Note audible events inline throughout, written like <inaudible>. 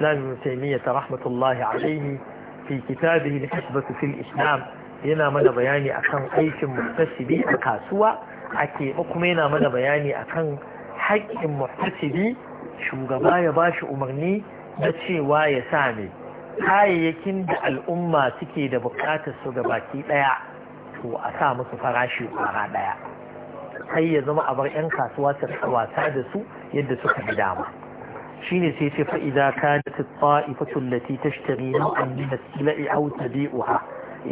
الإسلام ابن تيمية رحمة الله عليه في كتابه yana mana bayani akan aikin muhtasibi a kasuwa a kuma yana mana bayani akan haƙƙin muhtasibi shugaba ya ba shi umarni na cewa ya sa ne kayayyakin da al'umma suke da buƙatar su ga baki ɗaya to a sa masu farashi ƙwara ɗaya sai ya zama a bar 'yan kasuwa su wasa da su yadda suka fi dama shine sai ce fa idza kanat at-ta'ifatu allati tashtari min as-sila'i aw tabi'uha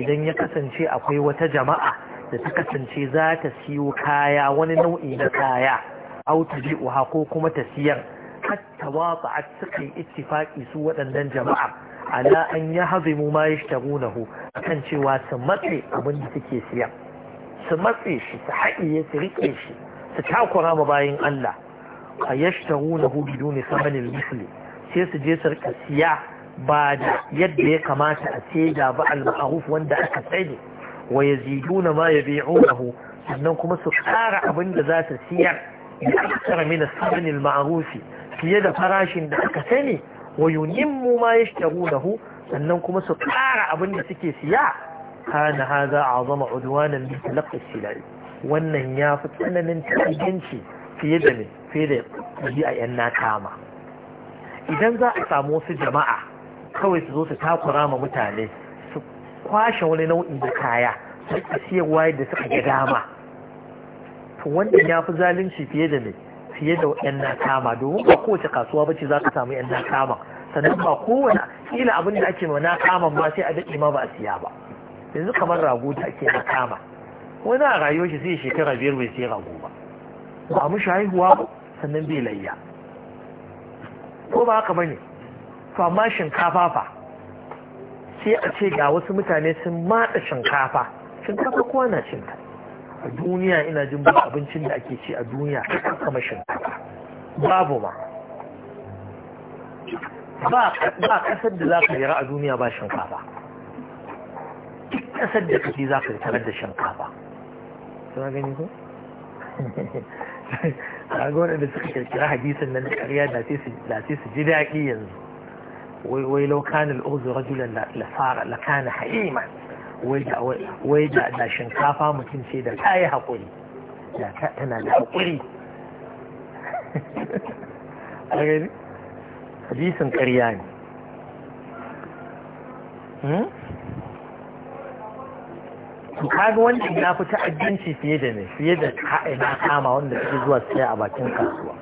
idan ya kasance akwai wata jama'a da ta kasance za ta siyo kaya wani nau'i na kaya aw tabi'uha ko kuma ta siyar hatta wata'at suka yi ittifaqi su waɗannan jama'a ala an yahzimu ma yashtarunahu kan cewa su matse abin da suke siya su matse shi su haƙiye su riƙe shi su takura ma bayin Allah a yashtarunahu biduni samanin misli sai su je su siya ba da yadda ya kamata a ga ba al-ma'ruf wanda aka sani wa yaziduna ma yabi'unahu sannan kuma su kara abin da za su siyar ya aksara min as-samanin fiye da farashin da aka sani wa yunimmu ma yashtarunahu sannan kuma su kara abin da suke siya kana haza a'zama udwanan bi talaqqi silai wannan ya fi tsananin ta'addanci fiye da ne fiye da a yan na kama idan za a samu wasu jama'a kawai su zo su takura ma mutane su kwashe wani nau'i da kaya su siyarwa da suka ga dama to wanda ya fi zalunci fiye da ne fiye da yan na kama domin ba kowace kasuwa bace za ka samu yan na sannan ba kowane kila abin da ake ma na kama ma sai a daɗe ma ba a siya ba yanzu kamar rago da ake na kama wani a rayuwar shi sai shekara biyar bai sai rago ba ba mu mishi ba sannan bai layya ko ba haka bane to amma shinkafa fa sai a ce ga wasu mutane sun matsa shinkafa shinkafa kowa na ta a duniya ina jin ba abincin da ake ci a duniya kama shinkafa babu ma ba kasar da za ka yi a duniya ba shinkafa duk kasar da kake za ka yi tarar da shinkafa suna gani ko <laughs> a ga waɗanda suka kirkira hadisin nan da ƙarya da sai su ji daɗi yanzu wai wai laukan al'uzu rajulan la fara la kana haima wai da da shinkafa mutum ce da ta yi haƙuri da ta tana da haƙuri <laughs> hadisin ƙarya ne hmm? kaga wanda ya fi ta'addanci fiye da ne fiye da na kama wanda suke zuwa sai a bakin kasuwa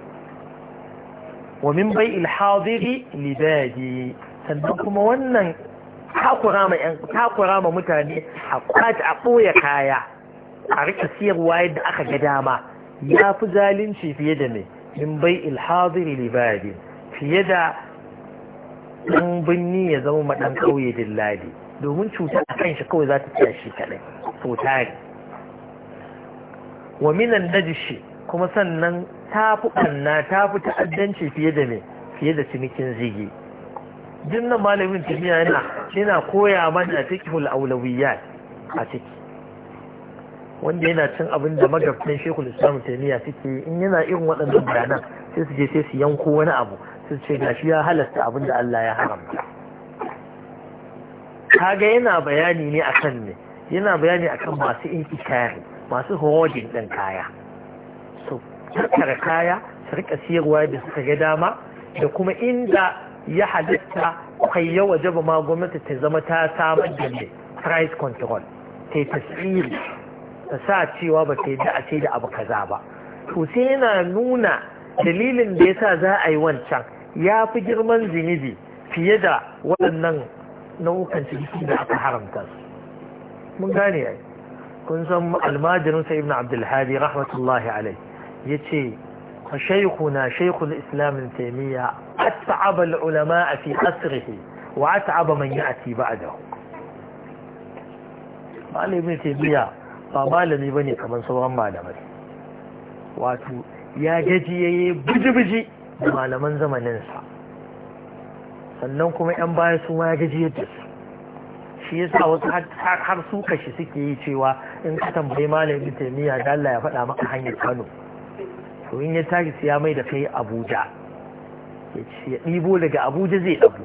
wa min bai ilhadiri libadi sannan kuma wannan takura ma mutane a kwaci a boye kaya a rika siyarwa yadda aka ga dama ya fi zalunci fiye da ne min bai ilhadiri libadi fiye da ɗan birni ya zama maɗan ƙauye dillali, domin cuta a kan shi kawai za ta tashi shi kaɗai sau tari wa minan najishi kuma sannan ta fi ɓanna ta fi ta'addanci fiye da me fiye da cinikin zigi jinnan malamin tafiya yana yana koya mana fiqhul hul'aulawiyya a ciki wanda yana cin abin da magabtan shekul islam taimiyya suke in yana irin waɗannan bayanan sai su je sai su yanko wani abu su ce gashi ya halasta abin da Allah ya haramta kaga yana bayani ne akan ne yana bayani akan masu intikari masu horodin ɗin kaya so tattara kaya su rika siyarwa da suka ga dama da kuma inda ya halitta kai ya waje ba ma gwamnati ta zama ta samar da ne price control ta tasiri ta sa cewa ba ta da a ce da abu kaza ba to sai yana nuna dalilin da ya sa za a yi wancan ya fi girman zinibi fiye da waɗannan nau'ukan ciki da aka haramta su من gane yayi kun san almajirin ابن عبد abdul رحمة الله عليه يتي شيخنا شيخ الإسلام ابن تيمية أتعب العلماء في أسره وأتعب من يأتي بعده قال ابن تيمية فما الذي بني كمن صورا ما لمن واتو يا جدي بجي بجي ما لمن زمن ننسى sannan kuma 'yan baya su ma shi yasa wasu har su kashi suke yi cewa in ka tambayi malamin taimiyya da Allah ya faɗa maka hanyar Kano to in ya tashi siya mai da kai Abuja ya ce ya ɗibo daga Abuja zai ɗabu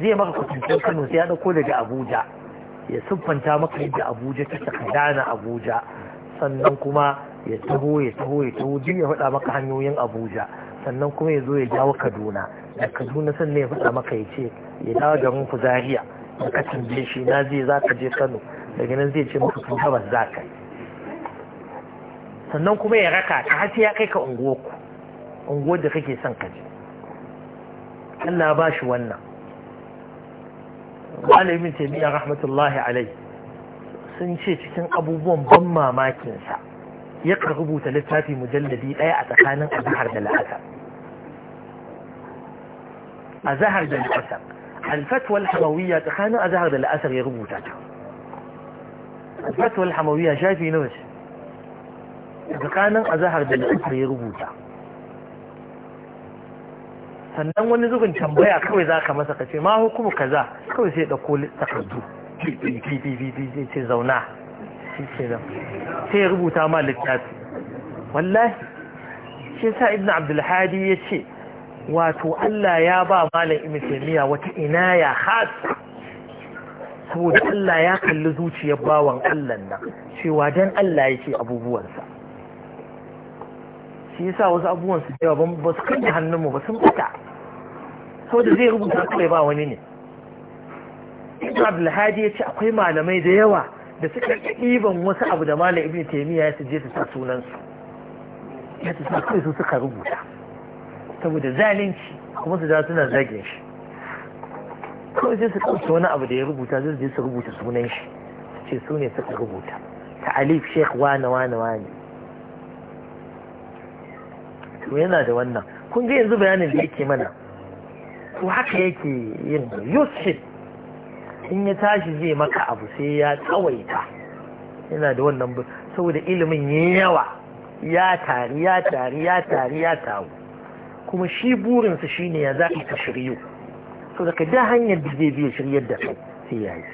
zai maka kwatantar Kano sai ya ɗauko daga Abuja ya siffanta maka yadda Abuja ta saka dana Abuja sannan kuma ya taho ya taho ya taho duk ya faɗa maka hanyoyin Abuja sannan kuma ya zo ya jawo Kaduna da Kaduna sannan ya faɗa maka ya ce ya dawo garin ku Zaria da ka tambaye shi na zai za ka je kano daga nan zai ce maka kan gabas za ka sannan kuma ya raka ka har sai ya kai ka unguwarku unguwar da kake son ka je Allah ba shi wannan malamin taimiyya rahmatullahi alai sun ce cikin abubuwan ban mamakinsa ya rubuta littafi mujalladi ɗaya a tsakanin azahar da la'asar azahar da la'asar alfatwal hamawiyya tsakanin azhar da la'asar ya rubuta ta alfatwal hamawiyya shafi nawa ce tsakanin da la'asar ya rubuta sannan wani zubin tambaya kawai za ka masa kace ma hukumu kaza kawai sai dauko takardu sai zauna sai rubuta ma littafi wallahi shi sa ibn abdul hadi ya ce wato Allah ya ba malam ibn taymiya wata inaya khas saboda Allah ya kalli zuciyar bawan Allah nan cewa dan Allah ya ce abubuwansa shi yasa wasu abubuwan su cewa ba su kan hannunmu ba sun fita saboda zai rubuta kawai ba wani ne ibn abdulhadi ya ce akwai malamai da yawa da suka ɗiban wasu abu da malam ibn taimiyya ya su je su sa sunansu ya su sa kai su suka rubuta saboda zalunci kuma su za suna zagin shi kawai sai su ɗauki wani abu da ya rubuta zai je su rubuta sunan shi ce su ne suka rubuta ta alif sheikh wane wane wane to yana da wannan kun ga yanzu bayanin da yake mana to haka yake yin yusuf in ya tashi zai maka abu sai ya tsawaita yana da wannan saboda ilimin yawa ya tari ya tari ya tari ya taru kuma shi burinsa shine ya zaɓi ka shiryu to daga da hanyar da zai biya shiryar da kai sai ya yi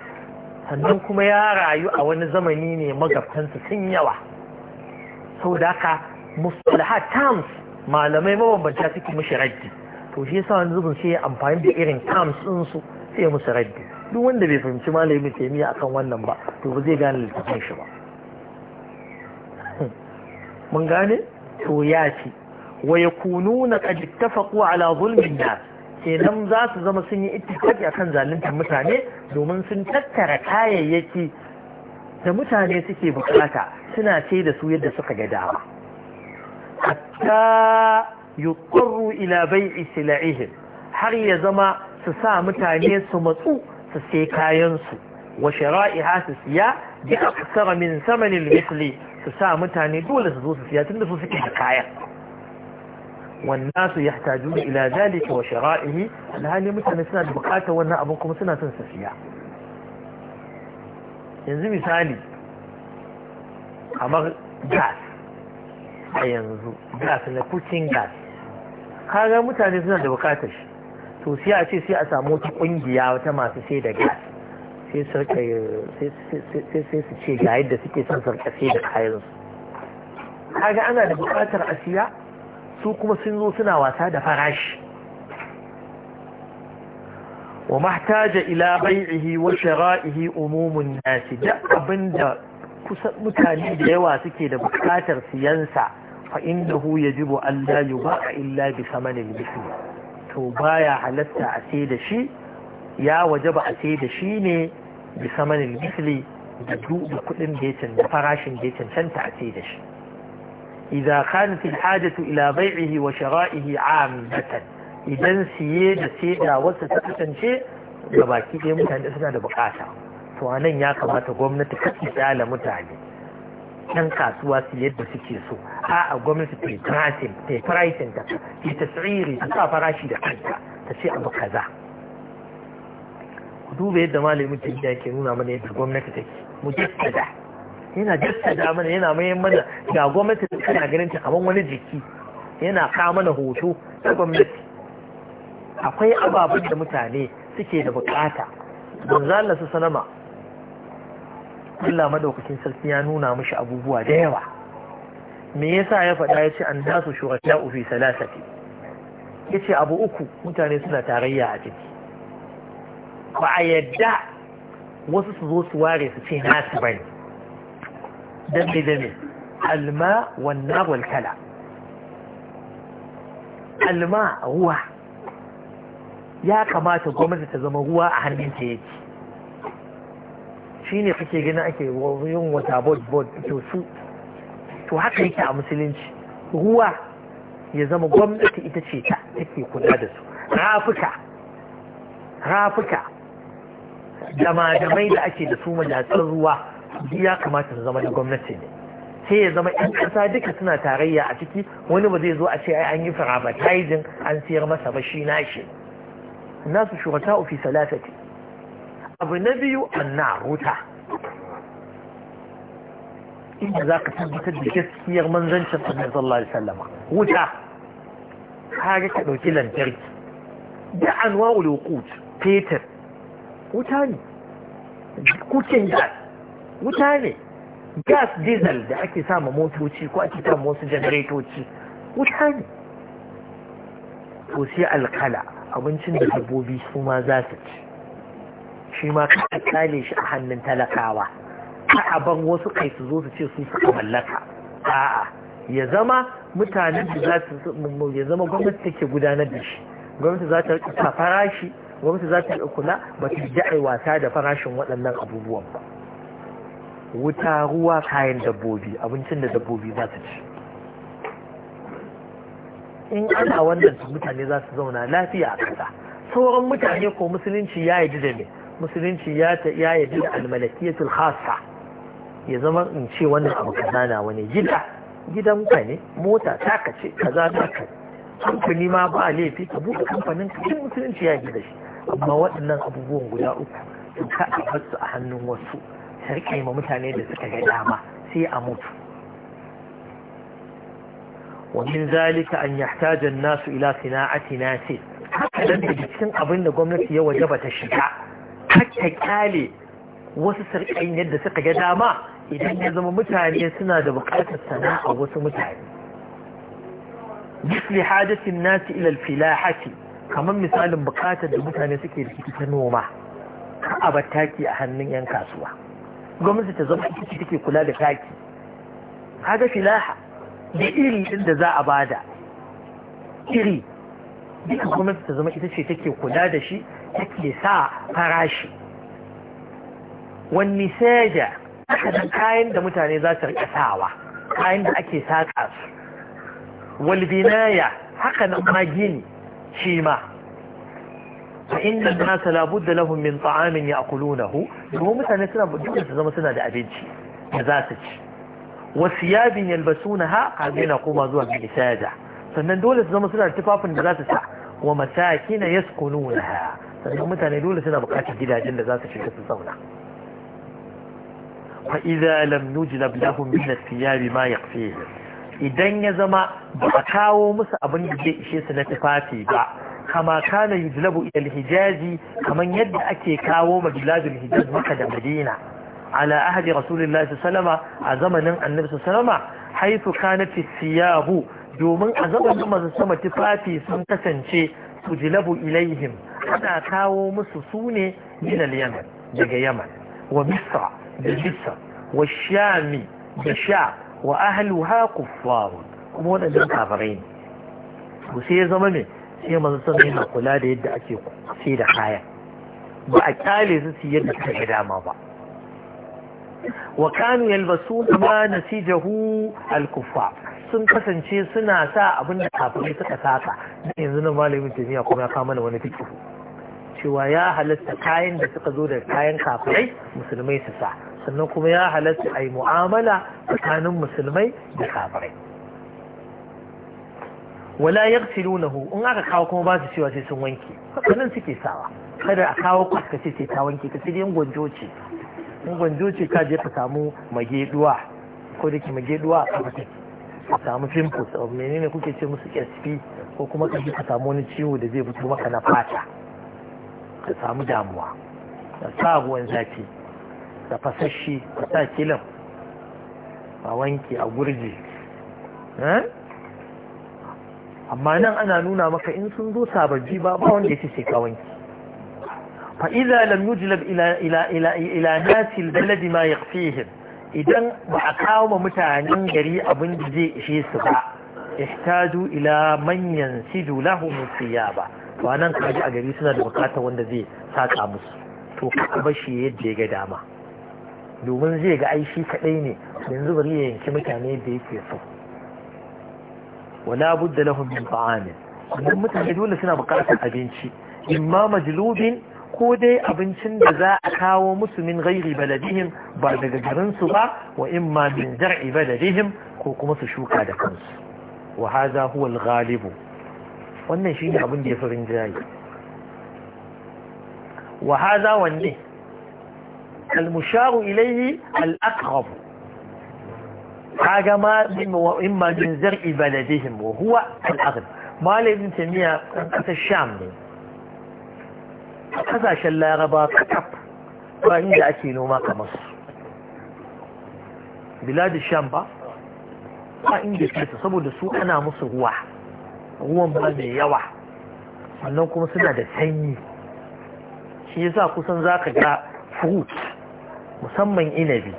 sannan kuma ya rayu a wani zamani ne magabtansa sun yawa sau da haka mustalahat Tams, malamai mabambanta suke mashi raddi to shi yasa wani zubin sai ya amfani da irin Tams ɗinsu sai ya musu raddi duk wanda bai fahimci malamin taimiyya akan wannan ba to ba zai gane littafin shi ba <laughs> mun gane to ya ce wa yakununa qad ittafaqu ala zulmin nas kenan za su zama sun yi a akan zaluntar mutane domin sun tattara kayayyaki da mutane suke bukata suna ce da su yadda suka ga dama hatta yuqarru ila bai'i sila'ihim har ya zama su sa mutane su matsu su sai kayansu, wa shara'iha su siya da aksara min samanin misli su sa mutane dole su zo su siya tunda su suke da kayan والناس يحتاجون إلى ذلك وشرائه الهالي مثل سنة بقاتة وانا أبوكم سنة تنسفية ينزل مثالي أمغ جاس ينزل جاس لكوتين جاس kaga mutane suna da bukatar to sai a ce sai a samu wata kungiya wata masu sai da gas sai su ce ga yadda suke son sarka sai da kayan kaga ana da bukatar asiya su kuma sun zo suna wasa da farashi wa mahtaja ila bai'ihi wa shara'ihi umumun nasi duk abinda kusa mutane da yawa suke da bukatar siyansa fa innahu yajibu an la yuba'a illa bi samanil misli to baya halatta a sai da shi ya wajaba a sai da shi ne bi samanil misli da duk kudin da ya farashi farashin da ya cancanta a sai da shi إذا كانت الحاجة إلى بيعه وشرائه عامة إذا سيد da وستكتن شيء gabaki ɗaya mutane suna da bukata to a nan ya kamata gwamnati kasu tsala mutane ɗan kasuwa su yadda suke so a a gwamnati ta ta pricing ta ta tsiri ta sa farashi da kanta ta ce abu kaza ku duba yadda malamin ta ke nuna mana yadda gwamnati take mu jaddada yana jaddada mana yana mayan mana ga gwamnati tana ganin ta kamar wani jiki yana kawo mana hoto ta gwamnati akwai ababen da mutane suke da bukata manzala su sanama Allah madaukakin sarki ya nuna mishi abubuwa da yawa me yasa ya faɗa ya ce an dasu shuraka fi salasati ya ce abu uku mutane suna tarayya a jiki. ba a yadda wasu su zo su ware su ce nasu bane دم دم الماء والنار والكلى الماء هو ya kamata gwamnati ta zama ruwa a hannunta yake shi ne kake gina ake yin wata bod bod to to haka yake a musulunci ruwa ya zama gwamnati ita ce ta take kula da su rafuka rafuka dama damai da ake da su majalisar ruwa duk ya kamata su zama da gwamnati ne sai ya zama yan ƙasa duka suna tarayya a ciki wani ba zai zo a ce ai an yi farabatizing an siyar masa ba shi na shi. nashi nasu shurata fi salasati abu na biyu na, Ruta. inda za ka tabbatar da gaskiyar manzancin annabi sallallahu alaihi Sallama? wuta kare ka ɗauki lantarki da anwa'ul wuqut fetur wuta ne kukin gas wuta ne gas diesel da ake samu motoci ko ake samu wasu janaretoci wuta ne to alkala abincin da dabbobi su ma za su ci shi ma ka kale shi a hannun talakawa ka a wasu kai su zo su ce su suka mallaka a'a ya zama mutanen da za su ya zama gwamnati take gudanar da shi gwamnati za ta farashi gwamnati za ta kula ba ta ji wasa da farashin waɗannan abubuwan ba wuta ruwa kayan dabbobi abincin da dabbobi za su ci in ana wannan mutane za su zauna lafiya a kasa sauran mutane ko musulunci ya yi da me musulunci ya iya yi da almalakiyatul khasa ya zama in ce wannan abu kaza na wani gida gidan ka ne mota ta ka ce kaza ta ka kamfani ma ba laifi ka buɗe kamfanin ka duk musulunci ya yi da shi amma waɗannan abubuwan guda uku to ka a hannun wasu su ma mutane da suka ga dama sai a mutu ومن ذلك أن nasu ila إلى صناعة ناس haka da cikin abin da gwamnati ya waje ba ta shiga haka kyale wasu sarƙayin yadda suka ga dama idan ya zama mutane suna da buƙatar sana'a wasu mutane misli hadatin nasi ilal filahati kamar misalin buƙatar da mutane suke da ta noma ka a taki a hannun 'yan kasuwa gwamnati ta zama ita take kula da taki kaga filaha da iri inda za a bada iri duka gwamnati ta zama ita ce take kula da shi take sa farashi wani seja aka da kayan da mutane za su rika sawa kayan da ake saƙa su walbinaya haka ma gini shi ma fa inna nasa da lahumin lahum min a ya'kulunahu domin mutane suna dole su zama suna da abinci da za su ci wa siyabin yalbasunaha kaga koma zuwa ga isaja sannan dole su zama suna da tufafin da za su sa wa masakin yaskununaha sannan mutane dole suna buƙatar gidajen da za su shiga su zauna fa idza ma yaqfihi idan ya zama ba a kawo masu abin da zai ishe su na tufafi ba kama kana yujlabu ila al kaman yadda ake kawo majladul hijaz maka da madina ala ahdi rasulillahi sallama a zamanin annabi sallama haythu kanat siyabu domin a zamanin masu sama tufafi sun kasance tujlabu ilaihim ana kawo musu sune min yaman daga yaman wa misra da misra wa shami da sha wa ahluha kuffarun kuma waɗannan kafirai ne sai ya zama mai sai manzo sun yana kula da yadda ake sai da kaya ba a kyale su su yadda suka dama ba wa kanu su ma nasijahu al-kuffar sun kasance suna sa abin da kafirai suka saka yanzu na malamin jami'a kuma ya kama wani fikihu cewa ya halatta kayan da suka zo da kayan kafirai musulmai su sa sannan kuma ya halatta a yi mu'amala tsakanin musulmai da kafirai wala nahu in aka kawo kuma ba su cewa sai sun wanke kanan suke sawa kada a kawo kwas ka sai ta wanke ka sai dai gwanjo ce in gwanjo ka je ka samu mageduwa ko da ke mageduwa a kafa take ka samu pimples a menene kuke ce musu sp ko kuma ka je ka samu wani ciwo da zai fito maka na fata ka samu damuwa da sa ruwan zafi da fasashe ka sa kilan a wanke a gurji eh? amma nan ana nuna maka in sun zo sababbi ba ba wanda yake sai kawai fa idza lam yujlab ila ila ila ila nasi albalad ma yakfihim idan ba a kawo ma mutanen gari abin da zai ishe su ba ihtaju ila man yansidu lahum thiyaba to anan kaji a gari suna da bukata wanda zai saka musu to ka bashi yadda ya ga dama domin zai ga aishi kadai ne yanzu bari ya yanki mutane da yake so Wala بد لهم من طعام mutane dole suna bukatar abinci imma majlubin ko dai abincin da za a kawo musu min gairi baladihim ba daga garinsu ba wa imma min jar'i baladihim ko kuma su shuka da kansu wa haza huwa al wannan shine abin da ya fi rinjaye wa haza wanne al-musharu ilayhi al-aqrab kaga ma imma min zar'i baladihim wa huwa al-aghl malamin tamiya kasar sham ne kasashen laraba kakaf ba inda ake noma kamar su biladin sham ba ba inda ke su saboda su ana musu ruwa ruwan ba mai yawa sannan kuma suna da sanyi shi yasa kusan zaka ga fruit musamman inabi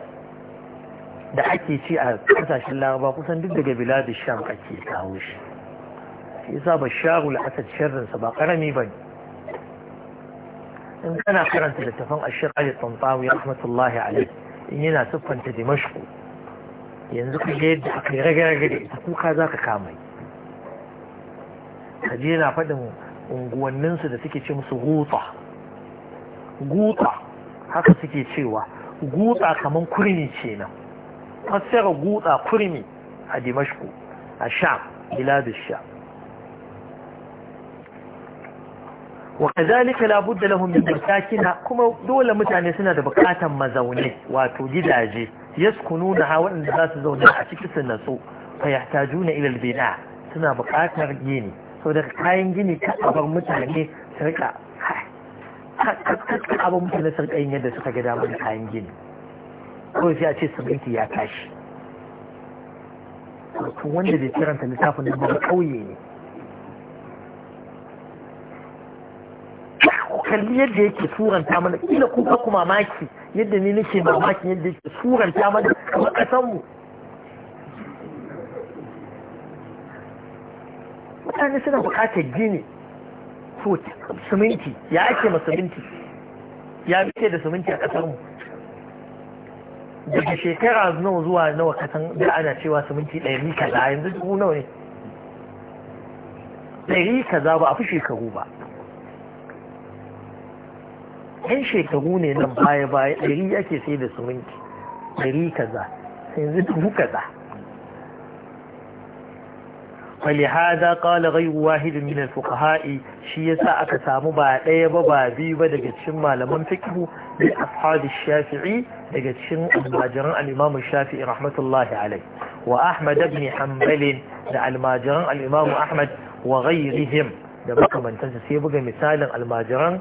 da ake ci a kasashen laraba kusan duk daga biladu sham ake kawo shi shi yasa basharul asad sharrinsa ba karami ba in kana karanta littafin ashir ali tsantawi rahmatullahi alaihi in yana siffanta dimashku yanzu ku ga yadda aka yi rage-rage da ita kuka za ka kama ka je na faɗin unguwanninsu da suke ce musu gutsa gutsa haka suke cewa gutsa kamar kurmi ce nan fassara gutsa kurmi a dimashku a sham biladun sham وكذلك لا بد لهم من مساكن كما دول mutane suna da bukatan mazauni wato gidaje yaskununa nuna wanda za su zauna a cikin su nasu fa yahtajuna ila suna bukatar gini saboda kayan gini ta abar mutane sarka ha yadda suka ga damar kayan gini kawai sai a ce siminti ya tashi to wanda bai kiranta littafin da ba kauye ne kalli yadda yake suranta mana kila kuka kuma maki yadda ni nake mamaki yadda yake suranta mana kamar kasanmu mutane suna bukatar gini so siminti ya ake ma siminti ya fice da siminti a kasarmu daga shekara nawa zuwa nawa kasan da ana cewa siminti ɗari kaza yanzu ku nawa ne ɗari kaza ba a fi shekaru ba yan shekaru ne nan baya baya ɗari ake sai da minti ɗari kaza yanzu dubu kaza ولهذا قال غير واحد من الفقهاء شي يسا سامو با ايبا با بيبا دا جتشم ما لمن فكه اصحاب الشافعي دا جتشم الماجران الإمام الشافعي رحمة الله عليه وأحمد بن حنبل دا الماجران الإمام أحمد وغيرهم دا بقى من تنسي يبقى مثال الماجران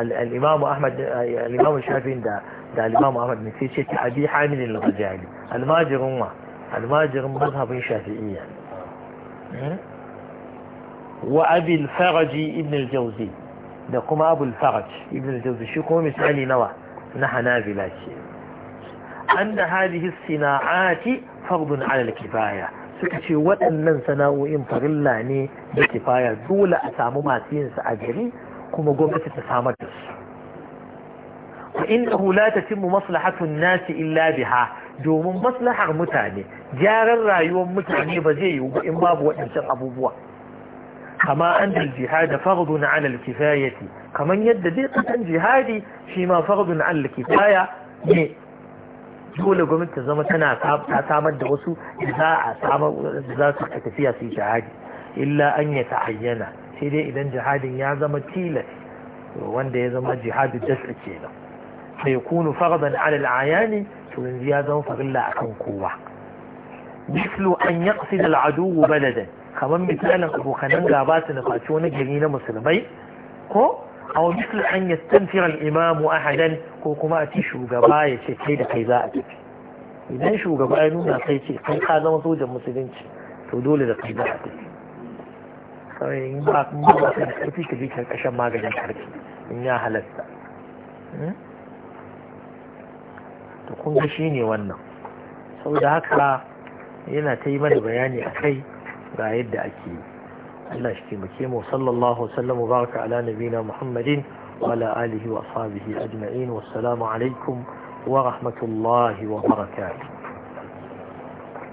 الإمام أحمد الإمام الشافعي دا دا الإمام أحمد نسيت نسيشة أبي حامل الغجالي الماجرون الماجر مذهب شافعي يعني. wa abil faraji ibn al-jawzi da kuma abul faraj ibn al-jawzi shi kuma misali nawa na hanabila ce an da hadihi sana'ati fardun ala kifaya suka ce waɗannan sana'o'in farilla ne da kifaya dole a samu masu yin su a gari kuma gwamnati ta samar فإنه لا تتم مصلحة الناس إلا بها دوم مصلحة متاني جار الرأيو متاني بزي وإن بابو إنسان أبوبوا كما أن الجهاد فرض على الكفاية كما يددي قتن جهادي فيما فرض على الكفاية يقول لكم انت زمان انا اتعمد غسو اذا اتعمد اذا تحت فيها في جهاد إلا أن يتعين سيدي إذا جهاد يعظم التيلة وان ده جهاد الدفع التيلة fa kunu fardan ala al'ayani to yanzu ya zama farilla akan kowa mislu an yaqsid al'adu baladan kamar misalin abokanan gaba su nufaci wani gari na musulmai ko aw mislu an yastanfira al-imam ahadan ko kuma a ci shugaba ya ce kai da kai za a tafi idan shugaba ya nuna kai kai ka zama sojan musulunci to dole da kai za a tafi kawai in ba ka da karfi ka je karkashin maganin karfi in ya halarta. to kun ga ne wannan da haka yana ta yi mana bayani a kai ga yadda ake yi Allah shi taimake mu sallallahu sallam wa baraka ala nabina Muhammadin wa ala alihi wa ashabihi ajma'in wassalamu alaikum wa rahmatullahi wa barakatuh